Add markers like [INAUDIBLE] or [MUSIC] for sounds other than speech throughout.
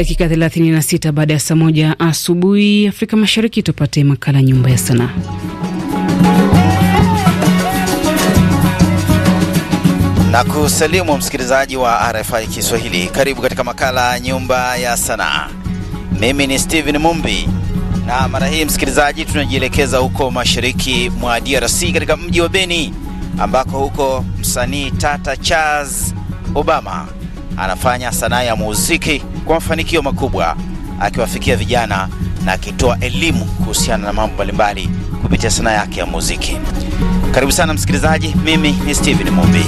dakika 36 baada ya saa moja asubuhi Afrika Mashariki, tupate makala nyumba ya sanaa. na kusalimu msikilizaji wa RFI Kiswahili. Karibu katika makala nyumba ya sanaa. Mimi ni Steven Mumbi na mara hii msikilizaji, tunajielekeza huko mashariki mwa DRC katika mji wa Beni ambako huko msanii Tata Charles Obama anafanya sanaa ya muziki kwa mafanikio makubwa, akiwafikia vijana na akitoa elimu kuhusiana na mambo mbalimbali kupitia sanaa yake ya muziki. Karibu sana msikilizaji, mimi ni Steven Mumbi.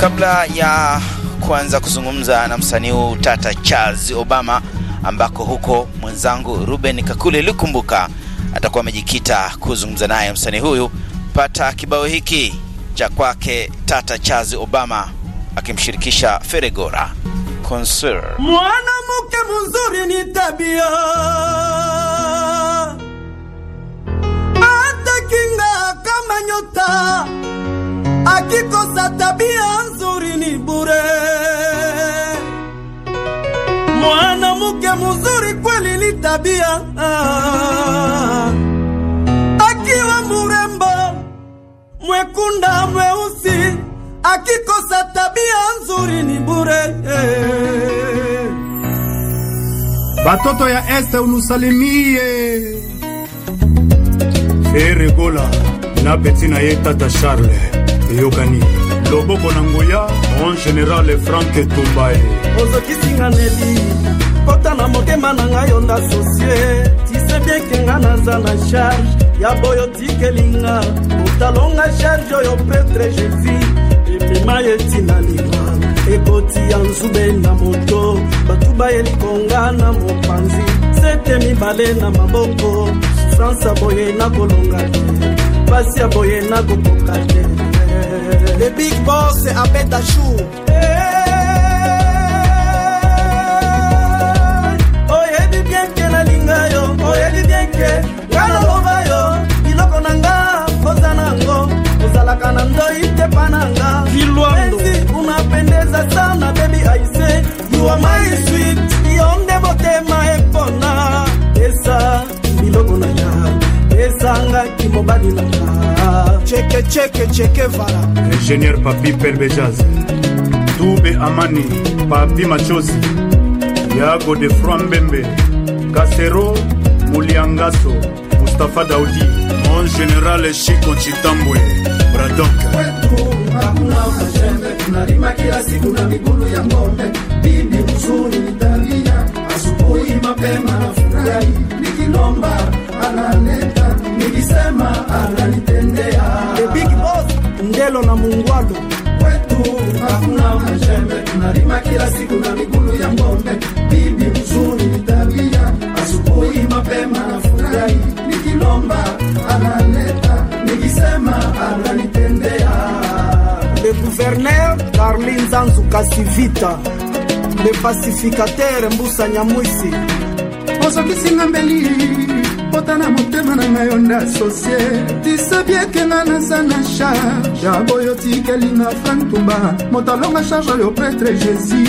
Kabla ya kuanza kuzungumza na msanii huu Tata Charles Obama, ambako huko mwenzangu Ruben Kakule likumbuka atakuwa amejikita kuzungumza naye msanii huyu, pata kibao hiki cha kwake tata Charles Obama akimshirikisha Feregora Concert. Mwanamke mzuri ni tabia, hata kinga kama nyota, akikosa tabia nzuri ni bure. Mwanamke mzuri kweli ni tabia, akiwa mure mwekunda mweusi akikosa tabia nzuri ni bure eh. batoto ya este unusalimie eregola na peti na ye tata charle eyokani loboko na nguya en general frank etumbae ozokisinga neli kota na motema na ngai yo ndasosie tisebiekenga naza na charge ya boyo otikelinga otalonga charge oyo petre jésus emema ye ntina liwa ekoti ya nzube na moto bato bayeli konga na mopanzi sete mibale na maboko sansa boye nakolonga te pasi ya boye nakokoka te le big bos abeta jour Cheke cheke cheke vala. Ingénieur Papi Perbejaz. Toube Amani, Papi Machozi. Yago de Frambembe. Kasero Muliangaso. Mustafa Daoudi. Mon général Chico Chitambwe. Bradok. mapema na furahi, nikilomba analeta nikisema ananitendea. The big boss Ndelo na Mungwalo, kwetu hakuna mashembe, tunalima kila siku na migulu ya ng'ombe. Bibi mzuri ni tabia, asubuhi mapema na furahi, nikilomba analeta, nikisema ananitendea. Le gouverneur Darlin Zanzu Kasivita, le pacificateur Mbusa Nyamwisi, Osokisi Ngambeli pota na motema na ngai yo nde asosie tisebiekenga naza na charge aboyo tikelinga frank tumba moto alonga charge oyo pretre jésus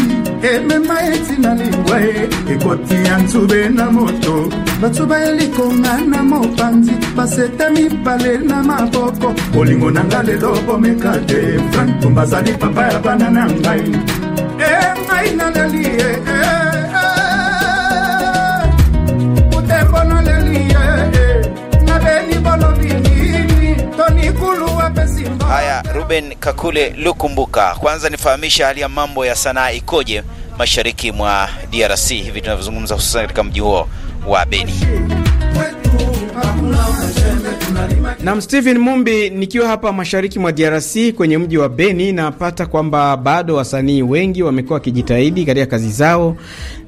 emema etina lingwa ye ekoti ya nzube na moto bato bayelikonga na mopanzi baseta mibale na maboko bolingo na nga lelo bomeka te frank tumba azali papa ya bana na ngai emai naleli ye eh, eh, eh. Haya, Ruben Kakule Lukumbuka, kwanza nifahamisha hali ya mambo ya sanaa ikoje mashariki mwa DRC hivi tunavyozungumza, hususan katika mji huo wa Beni. Nam Stephen Mumbi nikiwa hapa mashariki mwa DRC kwenye mji wa Beni, napata kwamba bado wasanii wengi wamekuwa wakijitahidi katika kazi zao,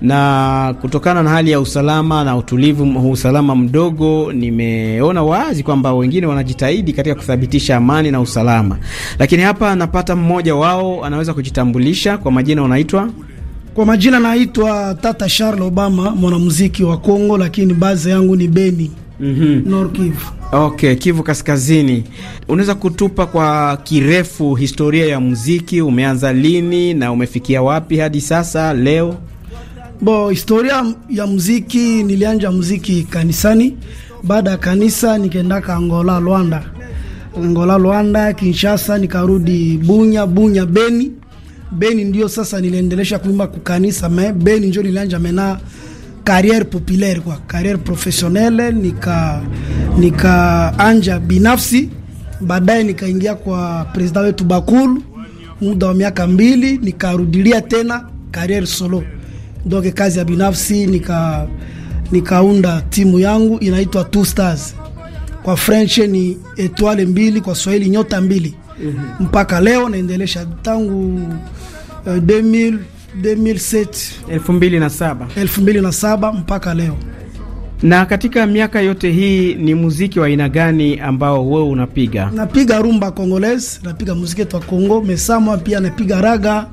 na kutokana na hali ya usalama na utulivu, usalama mdogo, nimeona wazi kwamba wengine wanajitahidi katika kuthabitisha amani na usalama. Lakini hapa napata mmoja wao anaweza kujitambulisha kwa majina, unaitwa kwa majina? Naitwa Tata Charles Obama, mwanamuziki wa Kongo, lakini baadhi yangu ni Beni mm -hmm. Nord Kivu. Okay, Kivu Kaskazini. Unaweza kutupa kwa kirefu historia ya muziki, umeanza lini na umefikia wapi hadi sasa leo? Bo, historia ya muziki, nilianja muziki kanisani. Baada ya kanisa nikaendaka Angola, Luanda Angola, Luanda, Kinshasa, nikarudi Bunya, Bunya Beni. Beni ndio sasa niliendelesha kuimba kukanisa me Beni njo nilianja mena karier populaire kwa karier professionnelle, nika nikaanja binafsi, baadaye nikaingia kwa president wetu Bakulu muda wa miaka mbili, nikarudilia tena karier solo donc kazi ya binafsi nika nikaunda timu yangu inaitwa Two Stars kwa French ni etoile mbili, kwa Swahili nyota mbili. mm -hmm. Mpaka leo naendelesha tangu uh, eh, 2000 2007 mpaka leo. Na katika miaka yote hii ni muziki wa aina gani ambao wewe unapiga? Napiga rumba Congolese, napiga muziki wa Kongo, mesama pia napiga raga,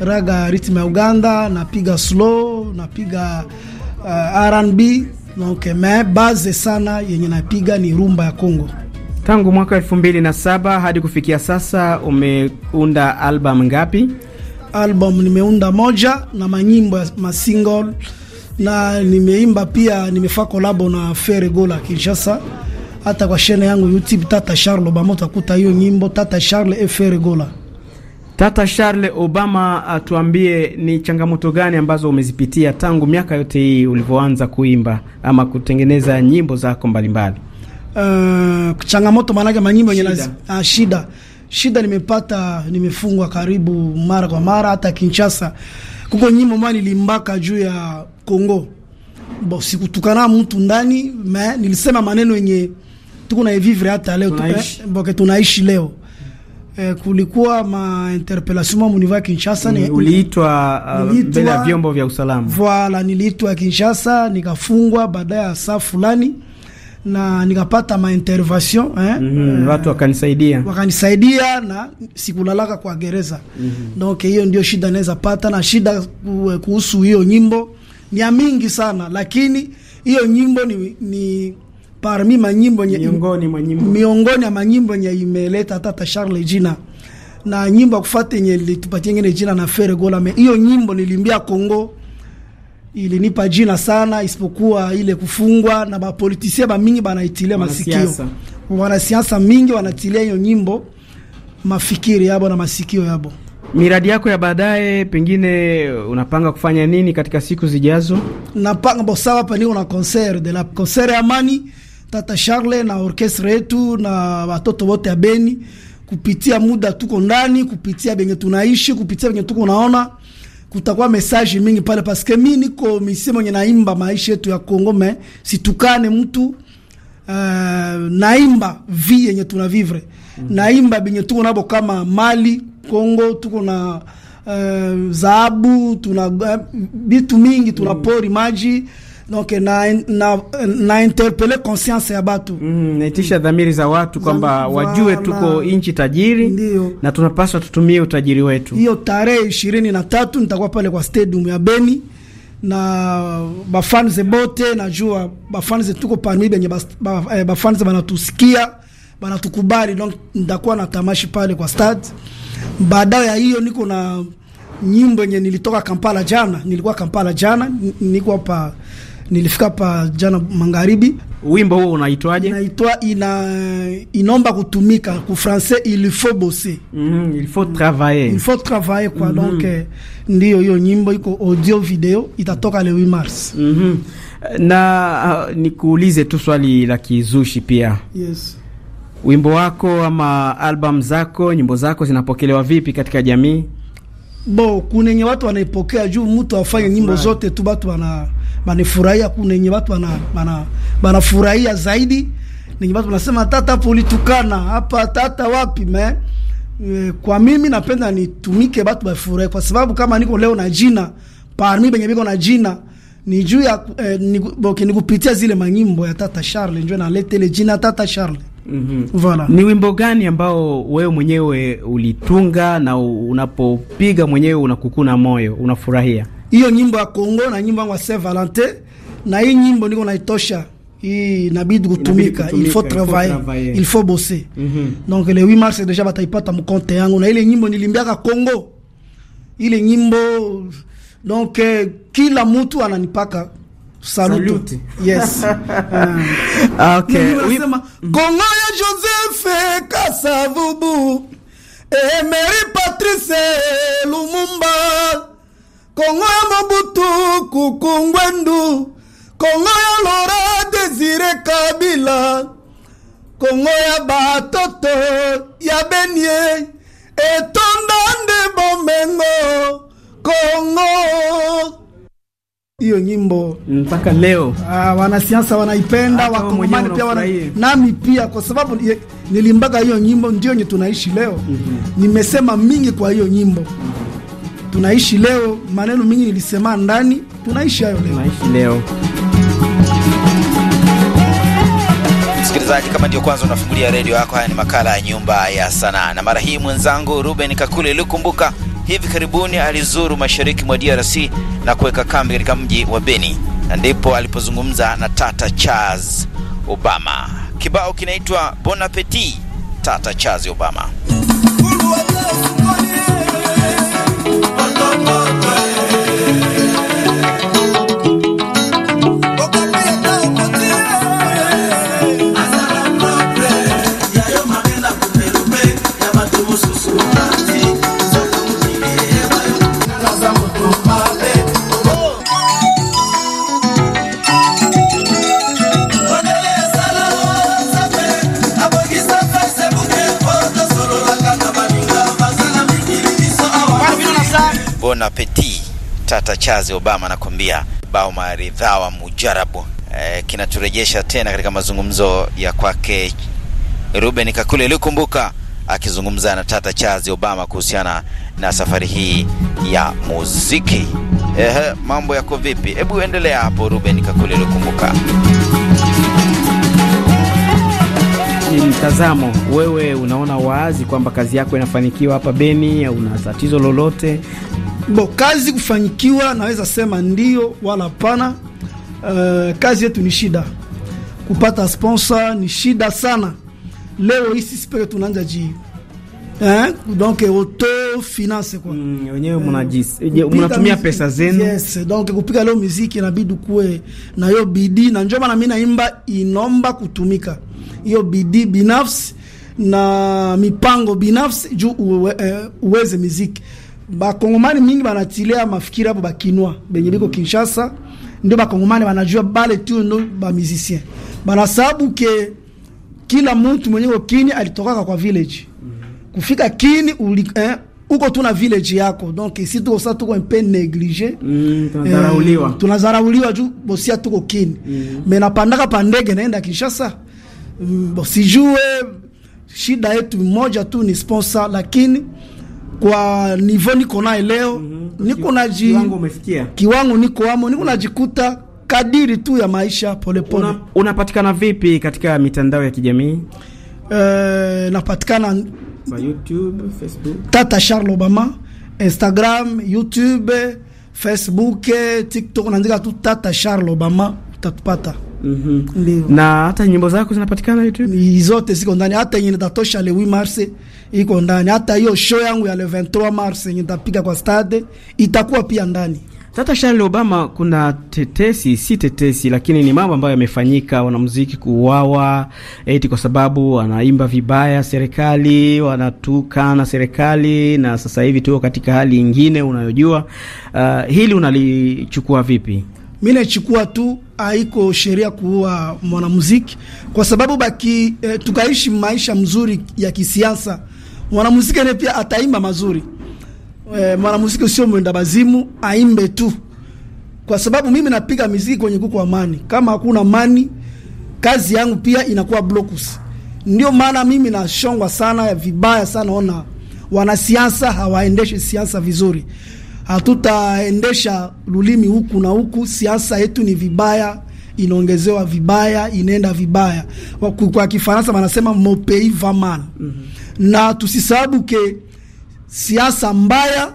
raga ritme ya Uganda, napiga slow, napiga uh, R&B, donc me base sana yenye napiga ni rumba ya Kongo. Tangu mwaka 2007 hadi kufikia sasa umeunda album ngapi? album nimeunda moja na manyimbo ya masingle, na nimeimba pia, nimefaa kolabo na Fere Gola Kinshasa. Hata kwa shene yangu YouTube Tata Charles Obama utakuta hiyo nyimbo Tata Charles e Fere Gola. Tata Charles Obama, atuambie ni changamoto gani ambazo umezipitia tangu miaka yote hii ulivyoanza kuimba ama kutengeneza nyimbo zako mbalimbali? Uh, changamoto maanake manyimbo yenye shida, Uh, shida shida nimepata, nimefungwa karibu mara kwa mara, hata Kinshasa kuko nyimbo mwa nilimbaka juu ya Kongo bo, sikutukana mtu ndani me, nilisema maneno yenye tuko na vivre hata leo tunaishi, eh, tunaishi leo Eh, kulikuwa ma interpellation mwa munivaa Kinshasa ni, mm, uliitwa uh, bila vyombo vya usalama. Voilà, niliitwa Kinshasa nikafungwa ya saa fulani na nikapata maintervention eh, mm, -hmm. watu wakanisaidia eh, wakanisaidia na sikulalaka kwa gereza mm -hmm. Donc hiyo ndio shida naweza pata, na shida eh, kuhusu hiyo nyimbo ni ya mingi sana, lakini hiyo nyimbo ni, ni parmi manyimbo miongoni mwa nyimbo miongoni ya nyimbo yenye imeleta tata Charles jina na nyimbo akufuata yenye litupatie ngine jina na Fere Gola, hiyo nyimbo nilimbia Kongo ilinipa jina sana, isipokuwa ile kufungwa na ba mingi banaitilia masikio, wanasiasa mingi wanatilia hiyo nyimbo mafikiri yabo na masikio yabo. Miradi yako ya baadaye, pengine unapanga kufanya nini katika siku zijazo? Napanga bosawa hapa niko na concert de la concert ya amani Tata Charle na orchestre yetu na watoto wote ya Beni, kupitia muda tuko ndani, kupitia benye tunaishi, kupitia benye tuko naona kutakuwa message mingi pale, paske mi niko misemo nye naimba maisha yetu ya Kongo, me situkane mtu uh, naimba vi yenye tuna vivre mm -hmm. naimba benye tuko nabo kama mali Kongo tuko na uh, zaabu tuna uh, bitu mingi tuna mm -hmm. pori maji donc na, na, na interpele conscience ya batu mm, naitisha dhamiri za watu kwamba wajue tuko nchi tajiri ndiyo, na tunapaswa tutumie utajiri wetu. Hiyo tarehe ishirini na tatu nitakuwa pale kwa stadium ya Beni na bafanze bote, najua bafanze tuko parmi benye bafanze eh, banatusikia banatukubali, donc nitakuwa na tamashi pale kwa stad Baadaye ya hiyo niko na nyimbo yenye nilitoka Kampala jana, nilikuwa Kampala jana, niko hapa Nilifika hapa jana magharibi. Wimbo huo unaitwaje? Naitwa ina inomba kutumika ku français il faut bosser. Mm, il faut travailler. Il faut travailler quoi mm -hmm. Donc euh, ndio hiyo nyimbo iko audio video itatoka le 8 mars. Mm -hmm. Na uh, nikuulize tu swali la kizushi pia. Yes. Wimbo wako ama album zako, nyimbo zako zinapokelewa vipi katika jamii? Bo, kunenye watu wanaipokea juu mtu afanye nyimbo zote tu batu wana banifurahia, kuna batu watu bana bana banafurahia zaidi, nenye watu wanasema tata hapo ulitukana hapa, tata wapi me eh, kwa mimi napenda nitumike batu bafurahi, kwa sababu kama niko leo na jina parmi benye biko na jina ni juu ya eh, ni kupitia zile manyimbo ya Tata Charles njoo nalete jina Tata Charles. Mm -hmm. Voilà. Ni wimbo gani ambao wewe mwenyewe ulitunga na unapopiga mwenyewe unakukuna moyo, unafurahia? hiyo nyimbo ya Kongo na nyimbo yangu ya Saint Valentin, na hii nyimbo niko naitosha hii inabidi kutumika, il faut travailler, il faut bosser. Mhm. Donc le 8 mars deja bataipata mkonte yangu na ile nyimbo nilimbiaka Kongo, ile nyimbo donc eh, kila mtu ananipaka Salute. Salute. Yes. um, [LAUGHS] okay. We... Kongo mhm. ya Joseph Kasavubu Emery eh, Patrice Lumumba Kongo ya Mobutu Kukungwendu, Kongo ya lora Desire Kabila, Kongo ya batoto ya benye etonda nde bomengo Kongo. Hiyo nyimbo mpaka leo ah, wanasiasa wanaipenda, wakongomani pia wana, nami pia kwa sababu nilimbaga hiyo nyimbo, ndio nye tunaishi leo. mm -hmm. Nimesema mingi kwa hiyo nyimbo. mm -hmm tunaishi leo. Maneno mingi nilisema ndani, tunaishi hayo leo, tunaishi leo. Msikilizaji, kama ndio kwanza unafungulia redio yako, haya ni makala ya Nyumba ya Sanaa, na mara hii mwenzangu Ruben Kakule ilikumbuka hivi karibuni alizuru mashariki mwa DRC na kuweka kambi katika mji wa Beni, na ndipo alipozungumza na Tata Charles Obama. Kibao kinaitwa Bon Appetit, Tata Charles Obama Charles Obama anakuambia bao maridhawa mujarabu. E, kinaturejesha tena katika mazungumzo ya kwake Ruben Kakule iliyokumbuka akizungumza na Tata Charles Obama kuhusiana na safari hii ya muziki. Ehe, mambo yako vipi? Hebu endelea hapo, Ruben Kakule iliyokumbuka. Ni mtazamo, wewe unaona wazi kwamba kazi yako inafanikiwa hapa Beni, au una tatizo lolote Bo, kazi kufanyikiwa, naweza sema ndio wala hapana. Uh, kazi yetu ni shida, kupata sponsor ni shida sana. Leo hisi sipeke tunaanza ji eh, donc auto finance kwa mm, eh, eh mnatumia pesa zenu. Yes, donc kupika leo muziki inabidi kuwe na hiyo bidii, na njoo maana mimi naimba inomba kutumika hiyo bidii binafsi na mipango binafsi juu uwe, uh, uweze muziki bakongomani mingi banatilea mafikiri hapo bakinwa benye biko mm. Kinshasa, ndio bakongomani banajua bale tu ndo ba musicien banasababu ke kila mtu mwenye kini alitokaka kwa village mm. kufika kini uli, eh, uko tuna village yako donc isi tuko sa tuko mpe neglige mm, tunazarauliwa eh, tunazarauliwa juu bosia tuko kini mm. me napandaka pandege naenda Kinshasa mm, bosijue shida yetu moja tu ni sponsor lakini kwa nivo niko naye leo mm -hmm. niko naji kiwango umefikia kiwango niko amo niko najikuta mhm. kadiri tu ya maisha polepole. Una, unapatikana vipi katika mitandao ya kijamii? E, napatikana kwa YouTube, Facebook, Tata Charles Obama, Instagram, YouTube, Facebook, TikTok, naandika tu Tata Charles Obama utatupata. Mm -hmm. Na hata nyimbo zako zinapatikana YouTube? Zote ziko ndani, hata yenye nitatosha le 8 Mars iko ndani, hata hiyo show yangu ya le 23 Mars yenye nitapiga kwa stade itakuwa pia ndani. Tata Charles Obama, kuna tetesi, si tetesi, lakini ni mambo ambayo yamefanyika, wanamuziki kuuawa eti kwa sababu wanaimba vibaya serikali, wanatukana serikali, na sasa hivi tuko katika hali ingine unayojua. Uh, hili unalichukua vipi? Mimi nachukua tu haiko sheria kuua mwanamuziki kwa sababu baki e, tukaishi maisha mzuri ya kisiasa, mwanamuziki naye pia ataimba mazuri. E, mwanamuziki sio mwenda bazimu, aimbe tu, kwa sababu mimi napiga muziki kwenye kuko amani. Kama hakuna amani, kazi yangu pia inakuwa blokus. Ndio maana mimi nashongwa sana vibaya sana, ona wanasiasa hawaendeshi siasa vizuri hatutaendesha lulimi huku na huku. Siasa yetu ni vibaya, inaongezewa vibaya, inaenda vibaya. Kwa Kifaransa wanasema mopei vaman mm -hmm. na tusisababu ke siasa mbaya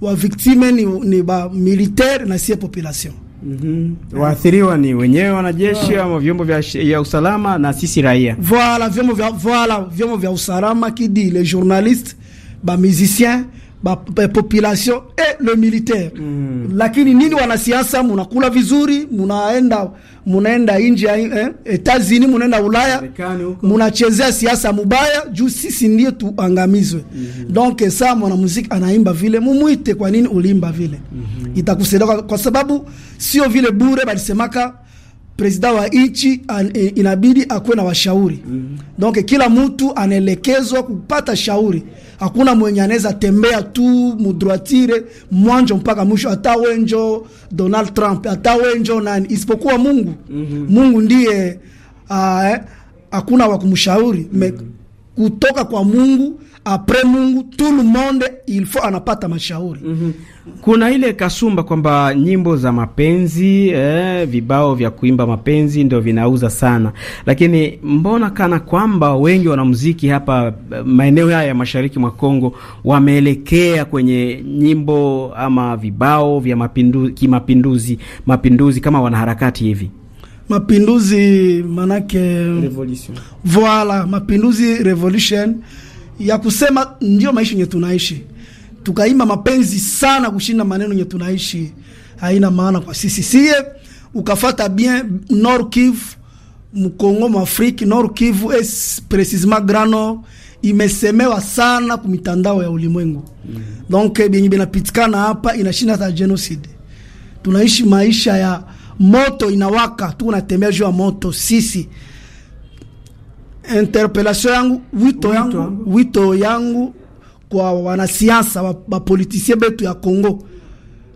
wa viktime ni, ni ba militaire na sie population mm -hmm. Waathiriwa ni wenyewe wanajeshi yeah. ama vyombo vya, vya usalama na sisi raia voila, vyombo vya, vyombo vya usalama kidi le journaliste ba musicien ba, ba population et le militaire mm. Lakini nini, wanasiasa munakula vizuri, munaenda munaenda nje ya eh, Etazini, munaenda Ulaya, munachezea siasa mubaya juu sisi ndio tuangamizwe. mm -hmm. Donc sa mwanamuziki anaimba vile, mumwite, kwa nini ulimba vile? mm -hmm. Itakusaidia kwa, kwa sababu sio vile bure balisemaka presida wa nchi inabidi akuwe na washauri mm -hmm. Donc kila mtu anaelekezwa kupata shauri. Hakuna mwenye anaweza tembea tu mudroatire mwanjo mpaka mwisho, hata wenjo Donald Trump, hata wenjo nani, isipokuwa Mungu mm -hmm. Mungu ndiye ah, hakuna uh, wa kumshauri mm -hmm kutoka kwa Mungu apre Mungu tout le monde il faut anapata mashauri. mm -hmm. Kuna ile kasumba kwamba nyimbo za mapenzi eh, vibao vya kuimba mapenzi ndio vinauza sana, lakini mbona kana kwamba wengi wanamuziki hapa eh, maeneo haya ya mashariki mwa Kongo wameelekea kwenye nyimbo ama vibao vya mapinduzi, kimapinduzi mapinduzi kama wanaharakati hivi mapinduzi manake revolution. Voila, mapinduzi revolution ya kusema ndio maisha yenye tunaishi, tukaimba mapenzi sana kushinda maneno yenye tunaishi, haina maana kwa sisi sie. Ukafata bien Nord Kivu, Mkongo mwa Afrika, Nord Kivu es precisement grano imesemewa sana kumitandao ya ulimwengu mm. Donc benye eh, binapitikana hapa inashinda za genocide, tunaishi maisha ya moto inawaka, tu unatembea juu ya moto sisi. interpellation yangu, wito yangu, wito yangu kwa wanasiasa bapolitisie betu ya Kongo,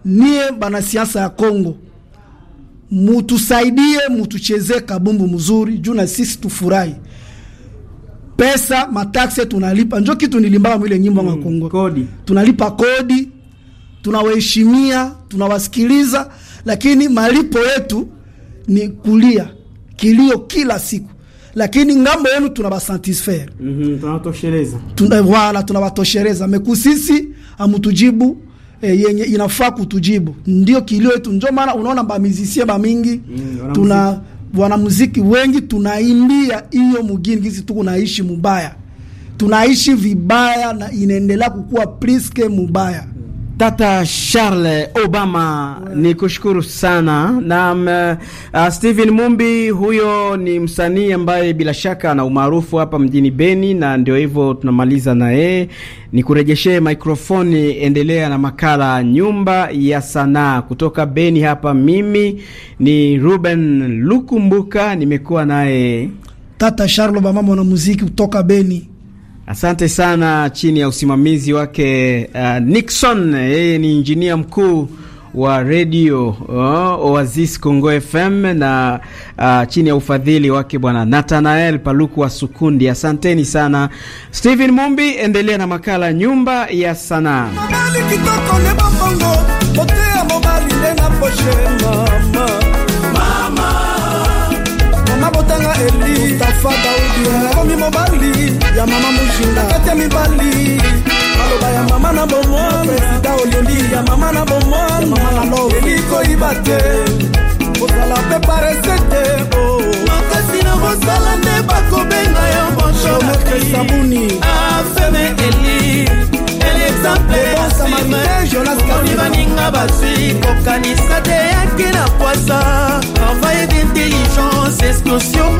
niye banasiasa ya Kongo, mutusaidie, mutucheze kabumbu mzuri juu na sisi tufurahi. Pesa mataksi tunalipa, njo kitu nilimbaka mwile nyimbo mm, Kongo, kodi tunalipa kodi tunawaheshimia, tunawasikiliza, lakini malipo yetu ni kulia kilio kila siku, lakini ngambo yenu tunawasatisfaire. mm -hmm, tunawatosheleza tuna, wala tunawatosheleza mekusisi amutujibu E, yenye inafaa kutujibu ndio kilio yetu. Ndio maana unaona bamizisie bamingi mm, tuna wanamuziki wengi tunaimbia hiyo mugini kisi tu kunaishi mubaya, tunaishi vibaya na inaendelea kukua priske mubaya. Tata Charles Obama yeah. Ni kushukuru sana na uh, Steven Mumbi huyo ni msanii ambaye bila shaka ana umaarufu hapa mjini Beni, na ndio hivyo tunamaliza na yeye. Ni kurejeshee mikrofoni, endelea na makala Nyumba ya Sanaa kutoka Beni hapa. Mimi ni Ruben Lukumbuka, nimekuwa naye Tata Charles Obama, mwanamuziki kutoka Beni. Asante sana. Chini ya usimamizi wake uh, Nixon, yeye ni injinia mkuu wa redio uh, Oasis Congo FM na uh, chini ya ufadhili wake bwana Nathanael Paluku wa Sukundi. Asanteni sana. Stephen Mumbi, endelea na makala Nyumba ya Sanaa. komi mobali ya mama moshinda ete mibali maloba ya mama na bomwapresida oleli ya mama na bomwanaeli koyiba te kozala mpe paresete oh. makasi na kosala nde bakobenga yo bonchoaabuni afeme eli eliexemplebaninga bazwi kokanisa te yaki na poisa travail d'intelligence exclusion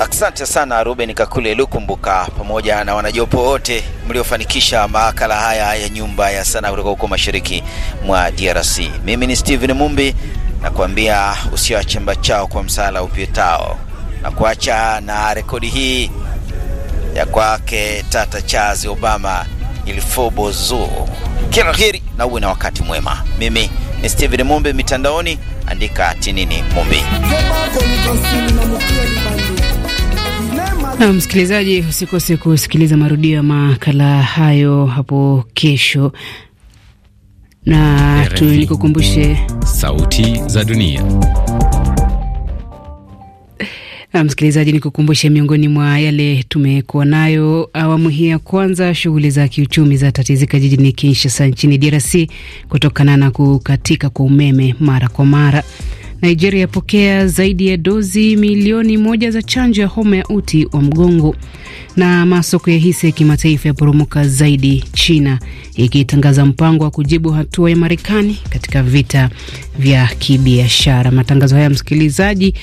Asante sana Ruben Kakule Lukumbuka pamoja na wanajopo wote mliofanikisha makala haya ya nyumba ya sana kutoka huko mashariki mwa DRC. Mimi ni stehen Mumbi nakwambia usiwache chao kwa msala upyotao, na kuacha na rekodi hii ya kwake Tata Charles Obama. Ilfobo Kila heri na uwe na wakati mwema. Mimi ni Steven Mumbi, mitandaoni andika tinini Mumbi. Na msikilizaji, usikose kusikiliza marudio ya makala hayo hapo kesho, na nikukumbushe sauti za dunia. Msikilizaji, ni kukumbushe miongoni mwa yale tumekuwa nayo awamu hii ya kwanza: shughuli za kiuchumi za tatizika jijini Kinshasa nchini DRC kutokana na kukatika kwa umeme mara kwa mara. Nigeria yapokea zaidi ya dozi milioni moja za chanjo ya homa ya uti wa mgongo. Na masoko ya hisa ya kimataifa yaporomoka zaidi, China ikitangaza mpango wa kujibu hatua ya Marekani katika vita vya kibiashara. Matangazo haya msikilizaji,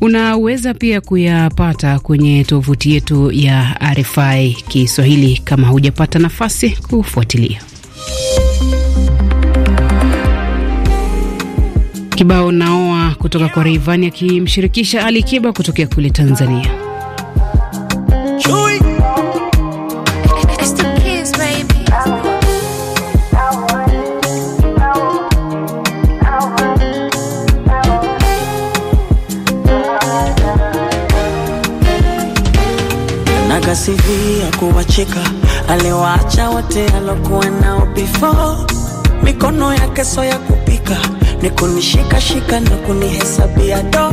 unaweza pia kuyapata kwenye tovuti yetu ya RFI Kiswahili kama hujapata nafasi kufuatilia. Kibao nao kutoka kwa Rayvanny akimshirikisha Ali Kiba kutokea kule Tanzania. Chui. ya kuwacheka aliwaacha wote alokuwa nao before mikono yake so ya kupika ni kunishikashika na kunihesabia do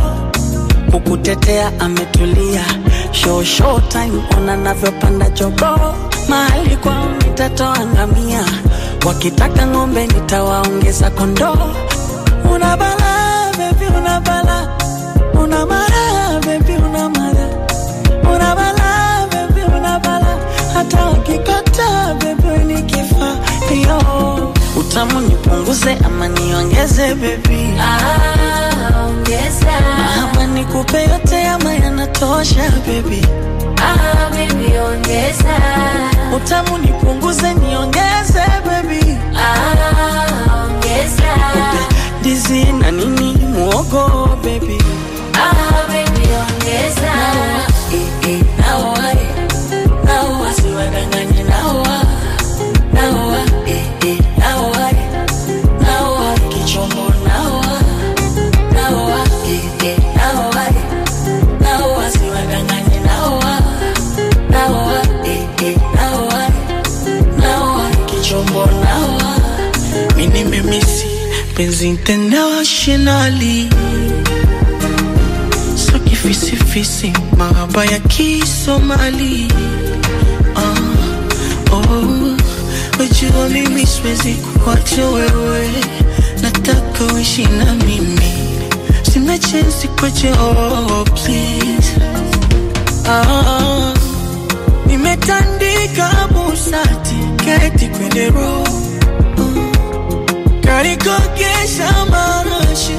kukutetea ametulia show show time ona navyopanda jogo mahali kwa nitatoa angamia wakitaka ng'ombe nitawaongeza kondoo unabala bebi nipunguze ama niongeze baby ah, ongeza nikupe yote ama yanatosha baby ah, baby ongeza utamu nipunguze niongeze baby ah, ongeza Dizi na nini muogo baby ah, baby ongeza Na, eh, eh, nawa, mapenzi internationally so kifisifisi mahaba ya Kisomali uh, oh, wajua mimi siwezi kuacha wewe, nataka uishi na mimi, sina chensi kwache oh, please ah, nimetandika busati keti kwenye roho alikogesha kuke sama rushi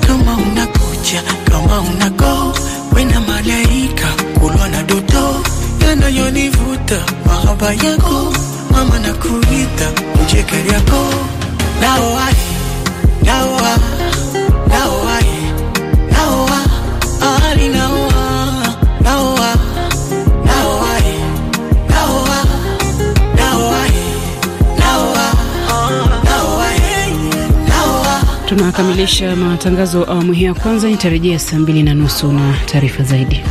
kama unakuja kama unako wena malaika kulwa na doto yanayonivuta mahaba yako kukamilisha matangazo awamu hii ya kwanza. Nitarejea saa mbili na nusu na taarifa zaidi.